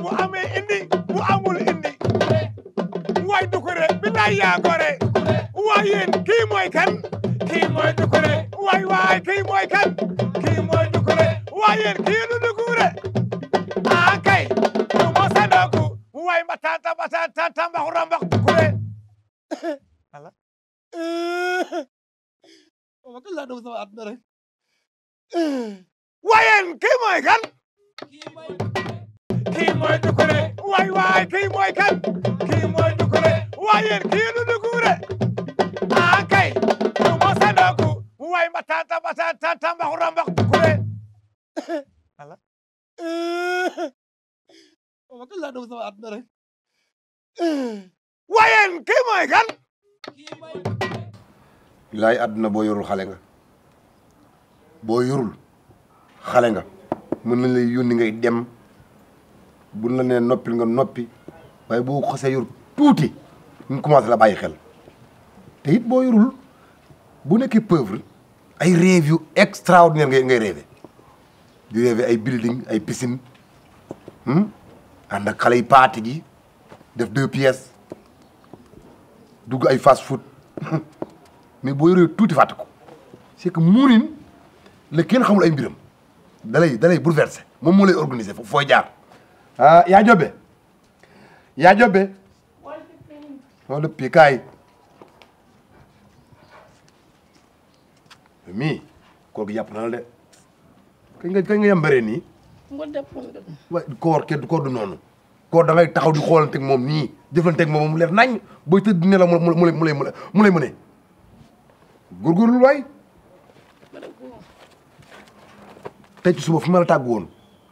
billaay bu amee indi bu amul indi waay dukure billaay yaa gore waay yéen kii dukure waay waay kii dukure waay yéen dukure aa ah, kay du ma sandoku waay ma tanta ma dukure ala ma kii mooy Doucouré waay waay kan kii mooy Doucouré waaye kii du Doucouré ah, mosa doogu waay ma tanta ma tanta mbax Doucouré ala ma kan bilaay àdduna boo yorul xale nga boo yorul xale nga mën nañ lay yónni ngay dem bu buñ la nee noppil nga noppi waaye boo xasee yor tuuti ñu commencé la bàyyi xel te it boo yorul bu nekkee pauvre ay rêve yu extraordinaire ngay ngay rêvé di rêvé ay building ay piscine hmm? ànd ak xale yi paati gi def deux dugg ay fast food mais boo yoree tuuti fàtte ko c'est que muunin la kenn xamul ay mbiram dalay dalay bouleversé moom moo lay organisé foofu fooy jaar Ah, ya jobe. Ya jobe. Wọ́n pikai. Mi, ko gi yap nal de. Kañ ya nga kañ nga yambare nii. ngol def wa koor kenn koor du noonu. Koor da ngay taxaw di mom ni defante ak mom mu leer nañ booy tëdd ne la mu lay mu lay mu lay mu ne. Góorgóorlu ci suba fu mala la won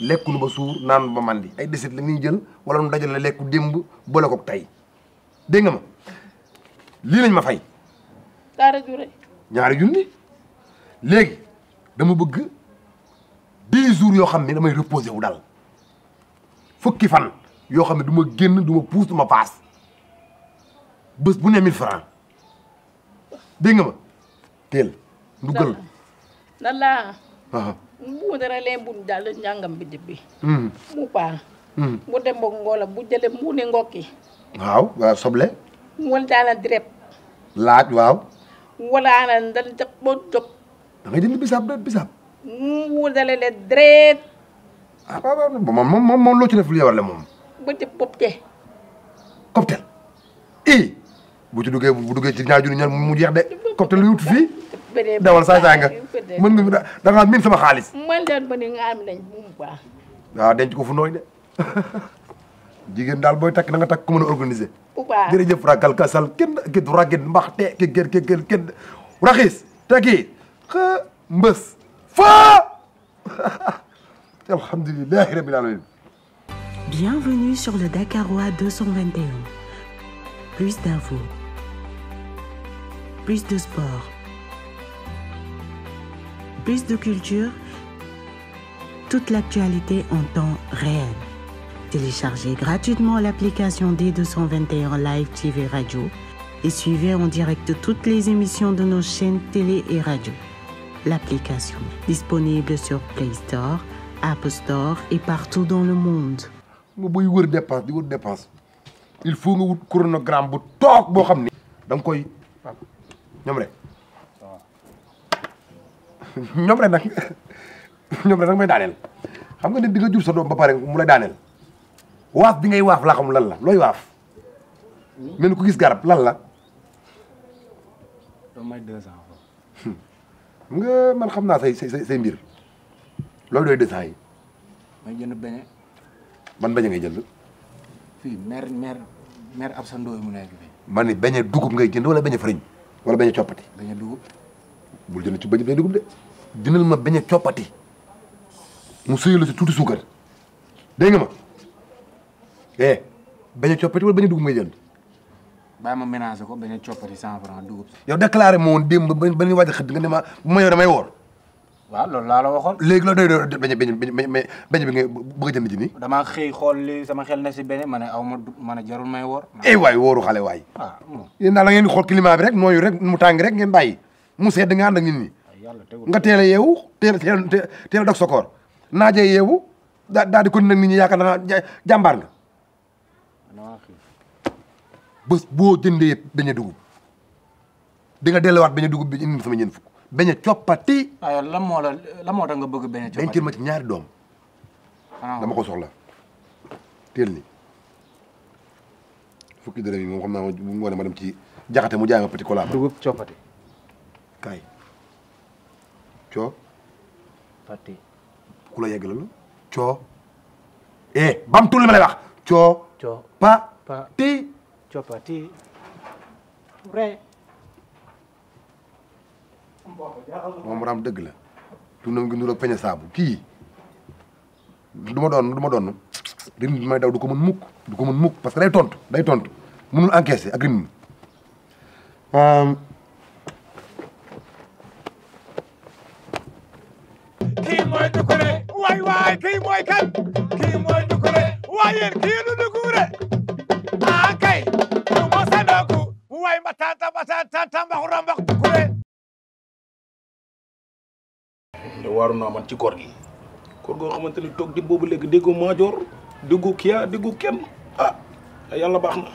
lekkunu ba suur naan ba mandi ay desit la ñuy jël wala nu dajale lekku démb boole koog tey dégg nga ma lii lañ ma fay. daara ju rëy. ñaari junni léegi dama bëgg dix jours yoo xam ne damay reposé wu dal fukki fan yoo xam ne du ma génn du ma puus du ma paas bés bu ne mille dégg nga ma teel. duggal la mbuudarale mbun daal njàngam bi dibbi hmm. mu paa bu hmm. dem mbok ngoola bu jële mbuuni ngokki waaw waaw soble wal daana direb laaj waaw walaana ndan jëp ba jop da ngay jënd bisaab da bisaab mbuudale le dret ah waaw moom moom moom loo ci def lu yewar le moom ba jëp bopp te cocktail i eh. bu ci duggee bu duggee ci ñaar junni mu jeex de comme te lu wut dawal saay saay nga da sama xaalis man daan ba nga am nañ bu baax denc ko fu de jigéen daal booy takk na nga takk ku mën a ragal kasal kenn kid ragit mbax te ke ger ke ger kenn raxis tekki xa mbës faa rabbil alamin Bienvenue sur le Dakarois 221. Plus d'infos. Plus de sport. Plus de culture. Toute l'actualité en temps réel. Téléchargez gratuitement l'application D221 Live TV Radio et suivez en direct toutes les émissions de nos chaînes télé et radio. L'application disponible sur Play Store, App Store et partout dans le monde. il faut nga wut chronogramme bu toog boo xam ni da koy ñoom rek ñoom rek nag ñoom rek nag may daaneel xam nga nit di nga jur sa doom ba pare mu la daaneel waaf bi ngay waaf la xam lan la looy waaf mel ku gis garab lan la may deux cent hmm. nga man xam naa say say mbir loolu doy deux cent yi may jënd beñe ban beñe ngay jënd fii maire maire maire Absa Ndoye mu nekk fii. ma ni beñe dugub ngay jënd wala beñe fariñ wala beñe coppati. beñe dugub. bul jënd ci beñe dugub de jëndal ma beñe coppati mu sëyal ci tuuti suukar dégg nga ma eh beñe coppati wala beñe dugub ngay jënd. bàyyi ma ménagé ko beñe coppati cent franc dugub. yow déclaré ma woon démb ba ba ñu waaj a xëdd nga ne ma bu ma yow damay woor. waaw loolu laa la waxoon. léegi la doy doy beñe beñe beñe beñe bi nga bëgg a jënd ji nii. xëy xool li sama xel na si beñe ma ne aw ma ma ne jarul may woor. eh waay wooru xale waay. ah yéen la ngeen di xool climat bi rek nooyu rek mu tàng rek ngeen bàyyi mu sedd nga ànd ak nit ñi. nga teel a yeewu teel a teel a dog sa koor naaje yeewu daa daal di nit ñi yaakaar naa jàmbaar nga. bés boo jëndee dugub di nga delluwaat dugub bi indi sama ñeent fukk. beñe coppati. aywa lan moo la lan moo tax nga bëgg beñe coppati. dañ ci ma ci ñaari doom. dama ko soxla teel ni fukki dërëm yi moom xam naa moom moo ne ma dem ci jaxate mu jaay ma petit cola. dugub coppati. kaay coo. pati. ku la yeggalal coo. eh bam tuul li ma lay wax. coo. coo pa. pa ti. coppati. re. moom ram dëgg la tunam gi nuroo peñe saabu kii du ma doon du ma doon rim bi may daw du ko mën mukk du ko mën mukk parce que day tontu day tontu mënul encaisser ak rim um, kii mooy dukure waay waay kii mooy kan kii mooy dukure waay yéen kii du dukure ah kay du ma sandaku waay ma tanta ma tanta rambax dukure da waru naa man ci koor gi koor go xamanteni tok di bobu leg déggu major déggu kiya déggu kenn ah yalla baxna na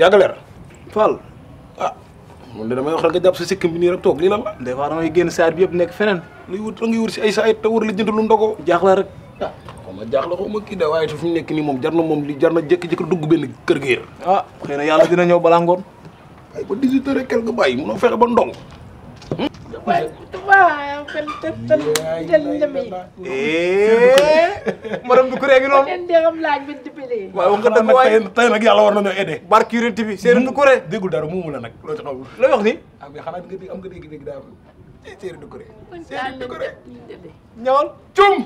yàgg leer Fall ah mun de damay wax rek japp jàpp sa sikkim bi nii rek tok li lan la de fois damay génn saar bi yeb nek fenen luy wut ngi ngay wut si ay saay te war la jindul ndogo ndogoo jaaxle rek ah xaw ma jaaxle xaw ma kii de waaye fu nek ni mom jarna mom li jarna jek jek dug ben keur geer ah xeyna yalla dina ñëw balaa ngoon ay ba 18 heures et quelque mu no fexe ba ndong hmm? madame Doucouré gi noonu. kenn dégam laaj bi dimbali. waaw nga dëgg waay tey nag yàlla war nañoo aidé. barki yonent bi Serigne Doucouré. déggul dara muumu la nag loo ci xamul. looy wax ni. ah mais xanaa nga dégg am nga dégg-dégg daa am Serigne Doucouré. Serigne Doucouré ñëwal cum.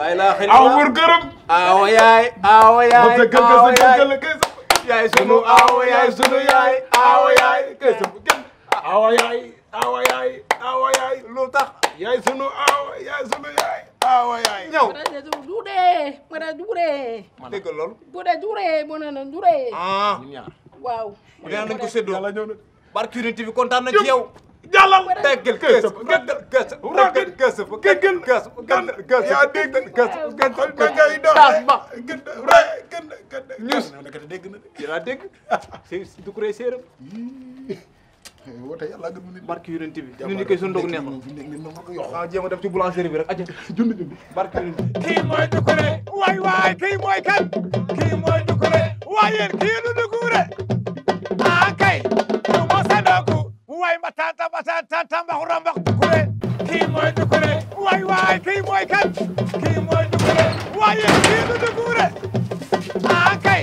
laay laa xëy na aw wër gërëm. awa yaay awa yaay awa yaay yaay sunu awa yaay sunu yaay awa yaay awa yaay nañ ko séddoo yàlla ñëw na barke Yonent bi kontaan nañ ci yow jàllal teggal gës gëndal gës teggal gës gëndal gës gëndal gës yaa dégg gës gëndal ma ngay dox taas ba gëndal gëndal gëndal ñus dégg na yaa dégg du ko rey séeram woote yàlla gën mu nit barke Yonent bi ñu ni koy suñu ndog neex na jéem a def ci boulangerie bi rek aja jund jund barke Yonent bi kii mooy Doucouré waay waay kii mooy kan kii mooy Doucouré waay yéen kii nu Doucouré waay mba tanta mba tanta tamba xura mba dukure kii mooy dukure waay waay kii mooy kan kii mooy dukure waaye kii du dukure ah kay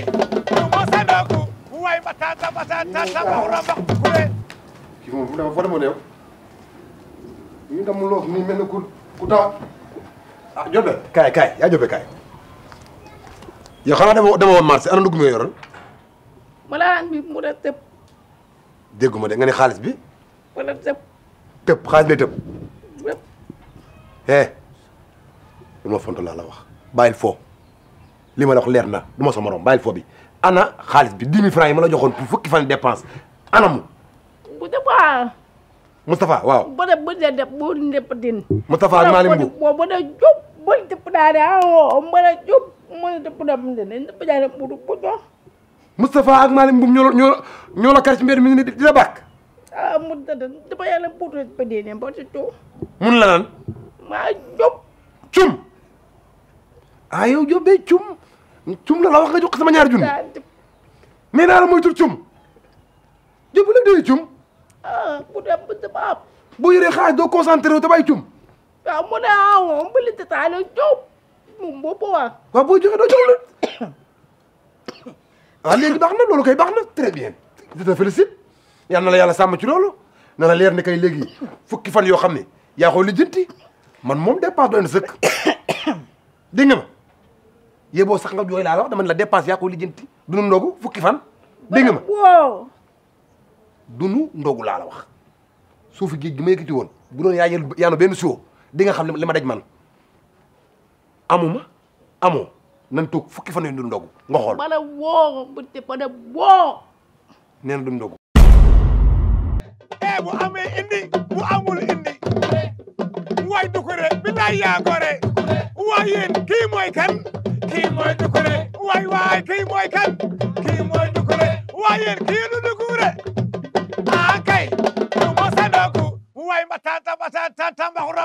du mosa doogu waay mba tanta mba tanta tamba xura mba dukure kii moom fu dama fa dama leew yi dama loof nii mel ni ku ku taw ah jobe kaay kaay yaa jobe kaay yow xanaa dama dama woon marché ana ndugg mi nga yoroon malaan bi mu de tëb dégguma de nga ne xaalis bi wala tëb. tëb xaalis day tëb. eh lu la wax bàyyil foo li ma la wax leer na duma ma sa morom foo bi ana xaalis bi dix mille francs la joxoon pour fukki fan dépense anamu. bu dee ba. Moustapha waaw. bu dee bu mu ndépp daal mu dee di la ah mun na lan dama yàlla buutu ba dee ne ah, ba ci tuum. Ah, ah, mun la lan. maa Diop. cum. ah yow Diop bee cum. cum la la wax nga jox sama ñaari junni. nee naa la mooy tur cum. Diop bu la doy cum. ah bu dem ba dama am. boo yoree xaalis doo concentré wu te bàyyi cum. waaw mu ne ah moom bële te taa la Diop. moom boo ko waa. waaw boo joxe doo jox la. ah léegi baax na loolu kay baax na très bien je te félicite. yal na la yàlla sàmm ci loolu na la leer ne kay léegi fukki fan yoo xam ne yaa ko lijjanti man moom dépense doy na sëkk dégg nga ma yeboo sax nga jooy laa la dama ne la dépense yaa ko lijjanti dunu ndogu fukki fan dégg nga ma dunu ndogu laa la wax suufu géej gi ma yëkkati woon bu doon yaa yel yaano benn siwo di nga xam li ma daj man amuma amoo nan toog fukki fan yu dunu ndogu nga xool billaay bu amee indi bu amul indi waay Doucouré billaay yaa gore waay yéen kii mooy kan kii waay waay kii mooy kan kii mooy Doucouré waay yéen ah, du ma sadoku waay ma tanta ma tanta tambaxura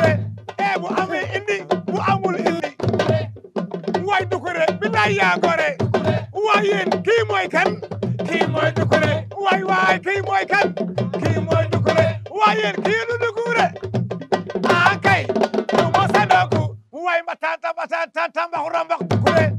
ee eh, bu amee indi bu amul indi waay Doucouré billaay yaa gore waay yéen kii mooy kan kii waay waay kii waaye yéen kii lu duguure ah kay du ma sandoku mu way mbatanta mbatanta mbaxura mbax duguure